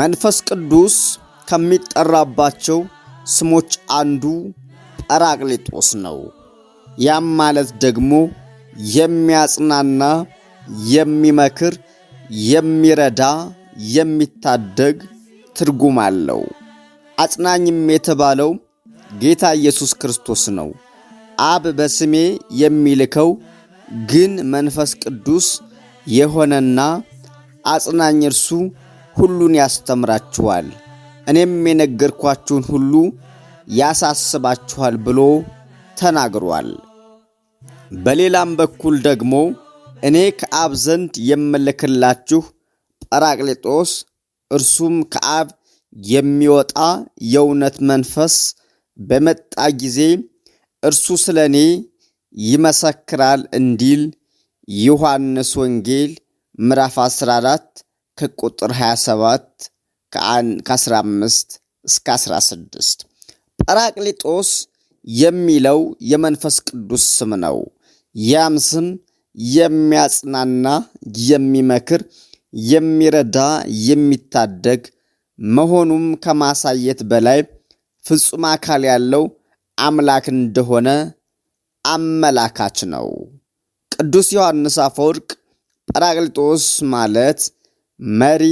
መንፈስ ቅዱስ ከሚጠራባቸው ስሞች አንዱ ጰራቅሊጦስ ነው። ያም ማለት ደግሞ የሚያጽናና፣ የሚመክር፣ የሚረዳ፣ የሚታደግ ትርጉም አለው። አጽናኝም የተባለው ጌታ ኢየሱስ ክርስቶስ ነው። አብ በስሜ የሚልከው ግን መንፈስ ቅዱስ የሆነና አጽናኝ እርሱ ሁሉን ያስተምራችኋል፣ እኔም የነገርኳችሁን ሁሉ ያሳስባችኋል ብሎ ተናግሯል። በሌላም በኩል ደግሞ እኔ ከአብ ዘንድ የምልክላችሁ ጰራቅሊጦስ እርሱም ከአብ የሚወጣ የእውነት መንፈስ በመጣ ጊዜ እርሱ ስለ እኔ ይመሰክራል እንዲል ዮሐንስ ወንጌል ምዕራፍ 14 ከቁጥር 27 ከ15 እስከ 16። ጰራቅሊጦስ የሚለው የመንፈስ ቅዱስ ስም ነው። ያም ስም የሚያጽናና፣ የሚመክር፣ የሚረዳ፣ የሚታደግ መሆኑም ከማሳየት በላይ ፍጹም አካል ያለው አምላክ እንደሆነ አመላካች ነው። ቅዱስ ዮሐንስ አፈወርቅ ጰራቅሊጦስ ማለት መሪ፣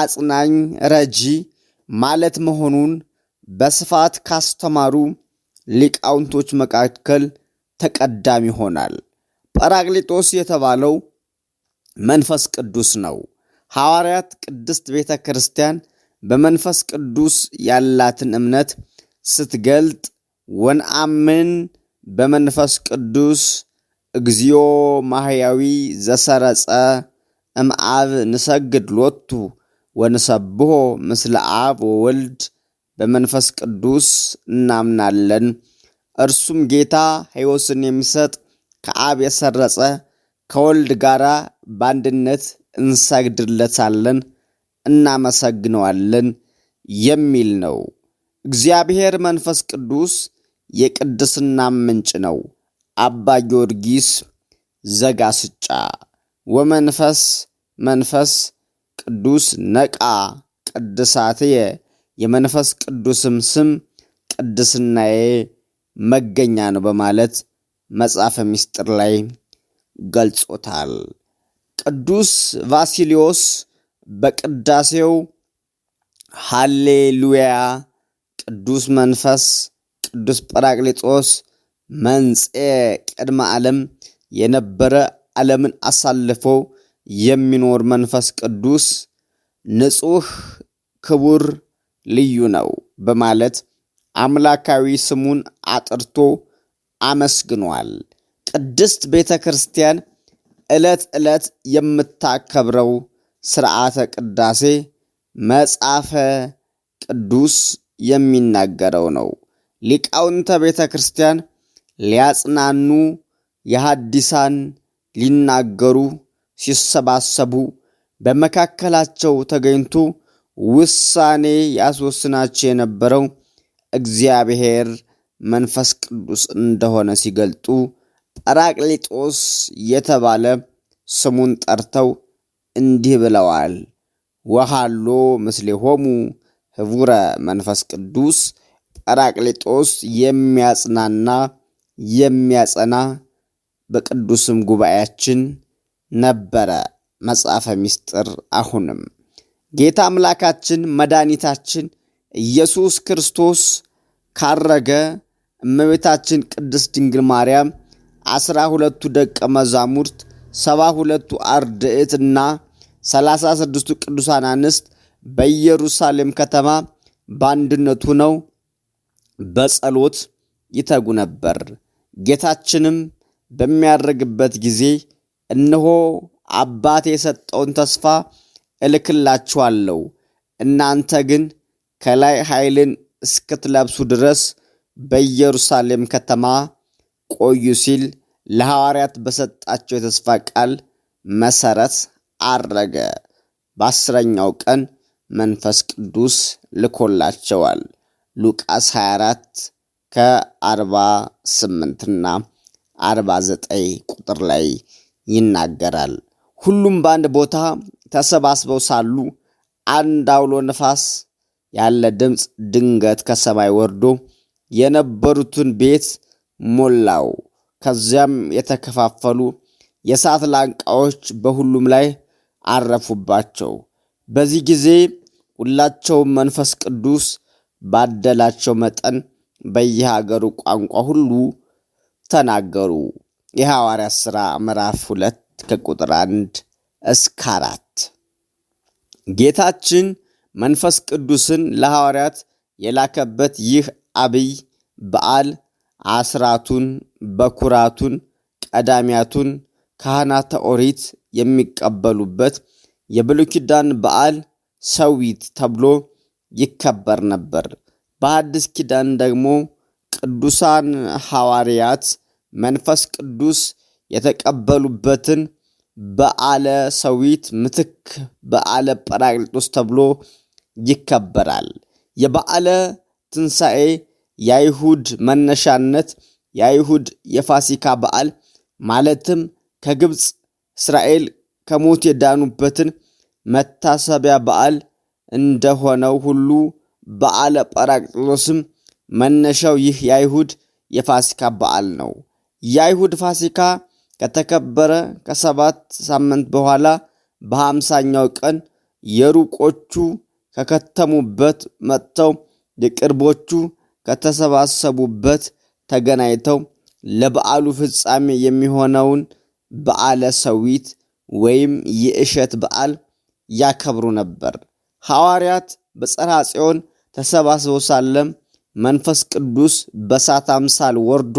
አጽናኝ፣ ረጂ ማለት መሆኑን በስፋት ካስተማሩ ሊቃውንቶች መካከል ተቀዳሚ ይሆናል። ጰራቅሊጦስ የተባለው መንፈስ ቅዱስ ነው። ሐዋርያት ቅድስት ቤተ ክርስቲያን በመንፈስ ቅዱስ ያላትን እምነት ስትገልጥ ወንአምን በመንፈስ ቅዱስ እግዚኦ ማህያዊ ዘሰረጸ እምአብ ንሰግድ ሎቱ ወንሰብሆ ምስለ አብ ወወልድ በመንፈስ ቅዱስ እናምናለን። እርሱም ጌታ ሕይወትን የሚሰጥ ከአብ የሰረጸ ከወልድ ጋር በአንድነት እንሰግድለታለን እናመሰግነዋለን የሚል ነው። እግዚአብሔር መንፈስ ቅዱስ የቅድስና ምንጭ ነው። አባ ጊዮርጊስ ዘጋስጫ ወመንፈስ መንፈስ ቅዱስ ነቃ ቅድሳትየ የመንፈስ ቅዱስም ስም ቅድስናዬ መገኛ ነው በማለት መጽሐፈ ምስጢር ላይ ገልጾታል። ቅዱስ ቫሲሊዮስ በቅዳሴው ሃሌሉያ ቅዱስ መንፈስ ቅዱስ ጰራቅሊጦስ መንጽኤ ቅድመ ዓለም የነበረ ዓለምን አሳልፎ የሚኖር መንፈስ ቅዱስ ንጹሕ፣ ክቡር፣ ልዩ ነው በማለት አምላካዊ ስሙን አጥርቶ አመስግኗል። ቅድስት ቤተ ክርስቲያን ዕለት ዕለት የምታከብረው ሥርዓተ ቅዳሴ መጽሐፈ ቅዱስ የሚናገረው ነው። ሊቃውንተ ቤተ ክርስቲያን ሊያጽናኑ የሐዲሳን ሊናገሩ ሲሰባሰቡ በመካከላቸው ተገኝቶ ውሳኔ ያስወስናቸው የነበረው እግዚአብሔር መንፈስ ቅዱስ እንደሆነ ሲገልጡ ጰራቅሊጦስ የተባለ ስሙን ጠርተው እንዲህ ብለዋል። ወሃሎ ምስሌ ሆሙ ህቡረ መንፈስ ቅዱስ ጰራቅሊጦስ የሚያጽናና የሚያጸና በቅዱስም ጉባኤያችን ነበረ። መጽሐፈ ምስጢር አሁንም ጌታ አምላካችን መድኃኒታችን ኢየሱስ ክርስቶስ ካረገ እመቤታችን ቅድስት ድንግል ማርያም አስራ ሁለቱ ደቀ መዛሙርት ሰባ ሁለቱ አርድእት እና ሰላሳ ስድስቱ ቅዱሳን አንስት በኢየሩሳሌም ከተማ በአንድነቱ ነው በጸሎት ይተጉ ነበር። ጌታችንም በሚያደርግበት ጊዜ እነሆ አባቴ የሰጠውን ተስፋ እልክላችኋለሁ፣ እናንተ ግን ከላይ ኃይልን እስክትለብሱ ድረስ በኢየሩሳሌም ከተማ ቆዩ ሲል ለሐዋርያት በሰጣቸው የተስፋ ቃል መሰረት አረገ። በአስረኛው ቀን መንፈስ ቅዱስ ልኮላቸዋል። ሉቃስ 24 ከ48 እና 49 ቁጥር ላይ ይናገራል። ሁሉም በአንድ ቦታ ተሰባስበው ሳሉ አንድ አውሎ ነፋስ ያለ ድምፅ ድንገት ከሰማይ ወርዶ የነበሩትን ቤት ሞላው። ከዚያም የተከፋፈሉ የእሳት ላንቃዎች በሁሉም ላይ አረፉባቸው። በዚህ ጊዜ ሁላቸውም መንፈስ ቅዱስ ባደላቸው መጠን በየሀገሩ ቋንቋ ሁሉ ተናገሩ። የሐዋርያት ሥራ ምዕራፍ ሁለት ከቁጥር አንድ እስከ አራት ጌታችን መንፈስ ቅዱስን ለሐዋርያት የላከበት ይህ አብይ በዓል አስራቱን፣ በኩራቱን፣ ቀዳሚያቱን ካህናተ ኦሪት የሚቀበሉበት የብሉይ ኪዳን በዓል ሰዊት ተብሎ ይከበር ነበር። በአዲስ ኪዳን ደግሞ ቅዱሳን ሐዋርያት መንፈስ ቅዱስ የተቀበሉበትን በዓለ ሰዊት ምትክ በዓለ ጰራቅሊጦስ ተብሎ ይከበራል። የበዓለ ትንሣኤ የአይሁድ መነሻነት የአይሁድ የፋሲካ በዓል ማለትም ከግብፅ እስራኤል ከሞት የዳኑበትን መታሰቢያ በዓል እንደሆነው ሁሉ በዓለ ጰራቅሊጦስም መነሻው ይህ የአይሁድ የፋሲካ በዓል ነው። የአይሁድ ፋሲካ ከተከበረ ከሰባት ሳምንት በኋላ በሃምሳኛው ቀን የሩቆቹ ከከተሙበት መጥተው የቅርቦቹ ከተሰባሰቡበት ተገናኝተው ለበዓሉ ፍጻሜ የሚሆነውን በዓለ ሰዊት ወይም የእሸት በዓል ያከብሩ ነበር። ሐዋርያት በጸራ ጽዮን ተሰባስበው ሳለም መንፈስ ቅዱስ በእሳት አምሳል ወርዶ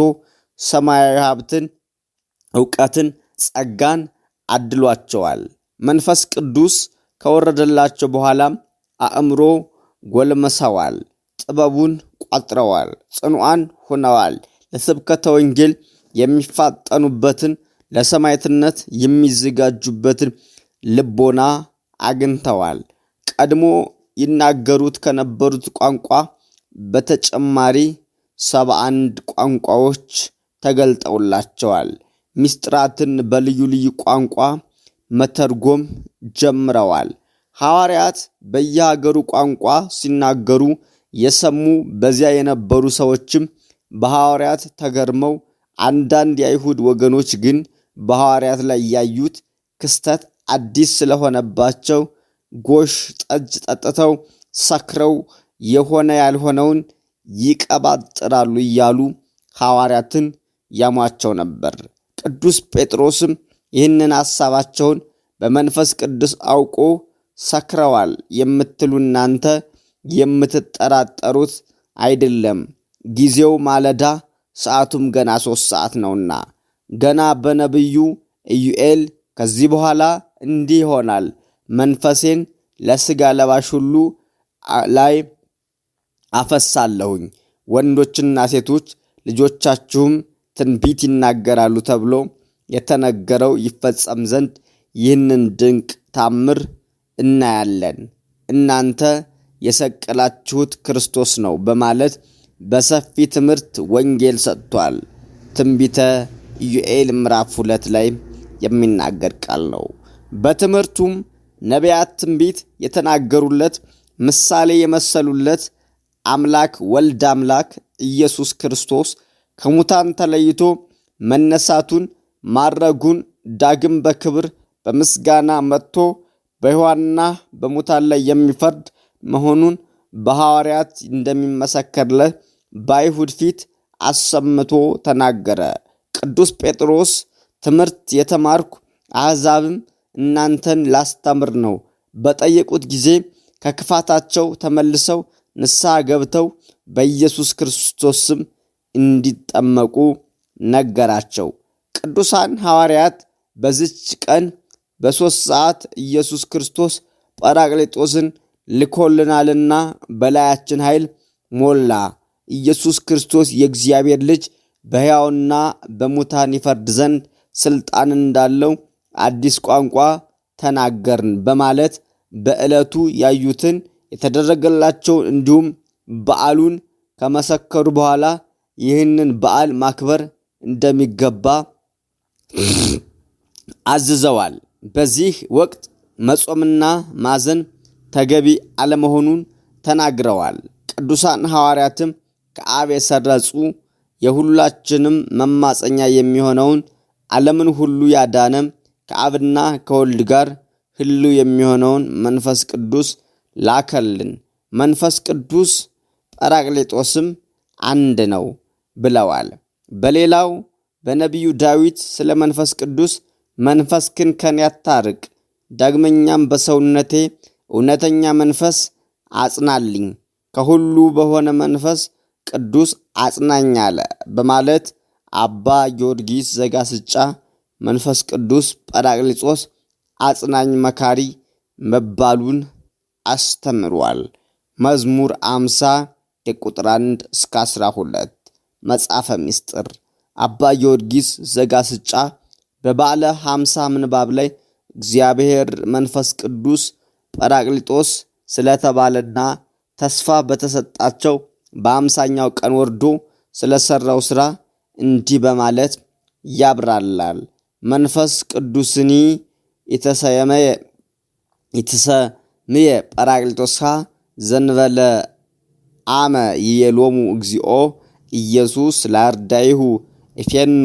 ሰማያዊ ሀብትን፣ እውቀትን፣ ጸጋን አድሏቸዋል። መንፈስ ቅዱስ ከወረደላቸው በኋላም አእምሮ ጎልመሰዋል፣ ጥበቡን ቋጥረዋል፣ ጽኑዓን ሆነዋል። ለስብከተ ወንጌል የሚፋጠኑበትን ለሰማዕትነት የሚዘጋጁበትን ልቦና አግኝተዋል። ቀድሞ ይናገሩት ከነበሩት ቋንቋ በተጨማሪ ሰባ አንድ ቋንቋዎች ተገልጠውላቸዋል። ምስጢራትን በልዩ ልዩ ቋንቋ መተርጎም ጀምረዋል። ሐዋርያት በየሀገሩ ቋንቋ ሲናገሩ የሰሙ በዚያ የነበሩ ሰዎችም በሐዋርያት ተገርመው፣ አንዳንድ የአይሁድ ወገኖች ግን በሐዋርያት ላይ ያዩት ክስተት አዲስ ስለሆነባቸው ጎሽ ጠጅ ጠጥተው ሰክረው የሆነ ያልሆነውን ይቀባጥራሉ እያሉ ሐዋርያትን ያሟቸው ነበር። ቅዱስ ጴጥሮስም ይህንን ሐሳባቸውን በመንፈስ ቅዱስ አውቆ ሰክረዋል የምትሉ እናንተ የምትጠራጠሩት አይደለም፣ ጊዜው ማለዳ ሰዓቱም ገና ሦስት ሰዓት ነውና፣ ገና በነቢዩ ኢዩኤል ከዚህ በኋላ እንዲህ ይሆናል መንፈሴን ለሥጋ ለባሽ ሁሉ ላይ አፈሳለሁኝ፣ ወንዶችና ሴቶች ልጆቻችሁም ትንቢት ይናገራሉ ተብሎ የተነገረው ይፈጸም ዘንድ ይህንን ድንቅ ታምር እናያለን። እናንተ የሰቀላችሁት ክርስቶስ ነው በማለት በሰፊ ትምህርት ወንጌል ሰጥቷል። ትንቢተ ኢዩኤል ምዕራፍ ሁለት ላይ የሚናገር ቃል ነው። በትምህርቱም ነቢያት ትንቢት የተናገሩለት ምሳሌ የመሰሉለት አምላክ ወልድ አምላክ ኢየሱስ ክርስቶስ ከሙታን ተለይቶ መነሳቱን ማረጉን ዳግም በክብር በምስጋና መጥቶ በሕያዋንና በሙታን ላይ የሚፈርድ መሆኑን በሐዋርያት እንደሚመሰከርለት በአይሁድ ፊት አሰምቶ ተናገረ። ቅዱስ ጴጥሮስ ትምህርት የተማርኩ አሕዛብም እናንተን ላስተምር ነው። በጠየቁት ጊዜ ከክፋታቸው ተመልሰው ንስሐ ገብተው በኢየሱስ ክርስቶስ ስም እንዲጠመቁ ነገራቸው። ቅዱሳን ሐዋርያት በዚች ቀን በሦስት ሰዓት ኢየሱስ ክርስቶስ ጳራቅሊጦስን ልኮልናልና በላያችን ኃይል ሞላ። ኢየሱስ ክርስቶስ የእግዚአብሔር ልጅ በሕያውና በሙታን ይፈርድ ዘንድ ሥልጣን እንዳለው አዲስ ቋንቋ ተናገርን በማለት በዕለቱ ያዩትን የተደረገላቸውን እንዲሁም በዓሉን ከመሰከሩ በኋላ ይህንን በዓል ማክበር እንደሚገባ አዝዘዋል። በዚህ ወቅት መጾምና ማዘን ተገቢ አለመሆኑን ተናግረዋል። ቅዱሳን ሐዋርያትም ከአብ የሰረጹ የሁላችንም መማፀኛ የሚሆነውን ዓለምን ሁሉ ያዳነም ከአብና ከወልድ ጋር ህሉ የሚሆነውን መንፈስ ቅዱስ ላከልን። መንፈስ ቅዱስ ጰራቅሊጦስም አንድ ነው ብለዋል። በሌላው በነቢዩ ዳዊት ስለ መንፈስ ቅዱስ መንፈስ ክን ከኔ አታርቅ፣ ዳግመኛም በሰውነቴ እውነተኛ መንፈስ አጽናልኝ፣ ከሁሉ በሆነ መንፈስ ቅዱስ አጽናኝ አለ በማለት አባ ጊዮርጊስ ዘጋስጫ መንፈስ ቅዱስ ጰራቅሊጦስ አጽናኝ መካሪ መባሉን አስተምሯል። መዝሙር 50 ቁጥር 1 እስከ 12 መጽሐፈ ምስጢር አባ ጊዮርጊስ ዘጋስጫ በባለ ሐምሳ ምንባብ ላይ እግዚአብሔር መንፈስ ቅዱስ ጰራቅሊጦስ ስለተባለና ተስፋ በተሰጣቸው በአምሳኛው ቀን ወርዶ ስለሰራው ስራ እንዲህ በማለት ያብራላል። መንፈስ ቅዱስኒ ይትሰምየ ጰራቅሊጦሳ ዘንበለ አመ ይቤሎሙ እግዚኦ ኢየሱስ ላርዳይሁ እፌኑ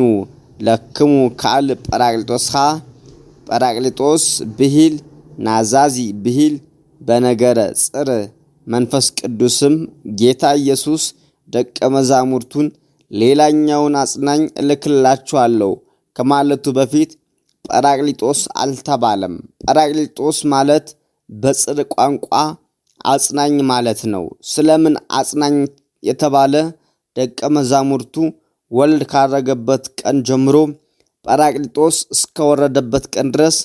ለክሙ ካል ጰራቅሊጦሳ ጰራቅሊጦስ ብሂል ናዛዚ ብሂል በነገረ ጽር መንፈስ ቅዱስም ጌታ ኢየሱስ ደቀ መዛሙርቱን ሌላኛውን አጽናኝ እልክላችኋለሁ ከማለቱ በፊት ጰራቅሊጦስ አልተባለም። ጰራቅሊጦስ ማለት በጽር ቋንቋ አጽናኝ ማለት ነው። ስለምን አጽናኝ የተባለ ደቀ መዛሙርቱ ወልድ ካረገበት ቀን ጀምሮ ጰራቅሊጦስ እስከወረደበት ቀን ድረስ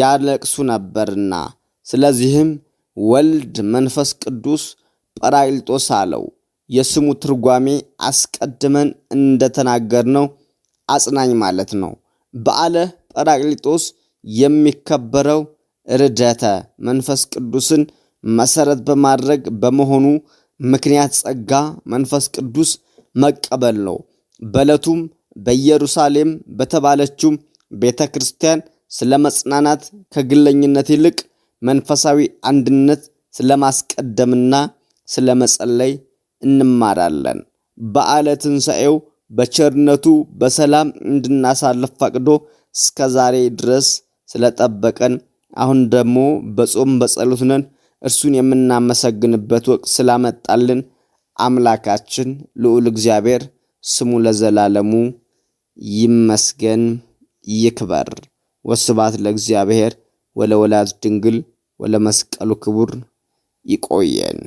ያለቅሱ ነበርና፣ ስለዚህም ወልድ መንፈስ ቅዱስ ጰራቅሊጦስ አለው። የስሙ ትርጓሜ አስቀድመን እንደተናገርነው አጽናኝ ማለት ነው። በዓለ ጰራቅሊጦስ የሚከበረው ርደተ መንፈስ ቅዱስን መሰረት በማድረግ በመሆኑ ምክንያት ጸጋ መንፈስ ቅዱስ መቀበል ነው። በዕለቱም በኢየሩሳሌም በተባለችው ቤተ ክርስቲያን ስለ መጽናናት ከግለኝነት ይልቅ መንፈሳዊ አንድነት ስለማስቀደምና ስለ መጸለይ እንማራለን። በዓለ ትንሣኤው በቸርነቱ በሰላም እንድናሳልፍ ፈቅዶ እስከ ዛሬ ድረስ ስለጠበቀን አሁን ደግሞ በጾም በጸሎት ነን። እርሱን የምናመሰግንበት ወቅት ስላመጣልን አምላካችን ልዑል እግዚአብሔር ስሙ ለዘላለሙ ይመስገን ይክበር። ወስባት ለእግዚአብሔር ወለወላድ ድንግል ወለመስቀሉ ክቡር። ይቆየን።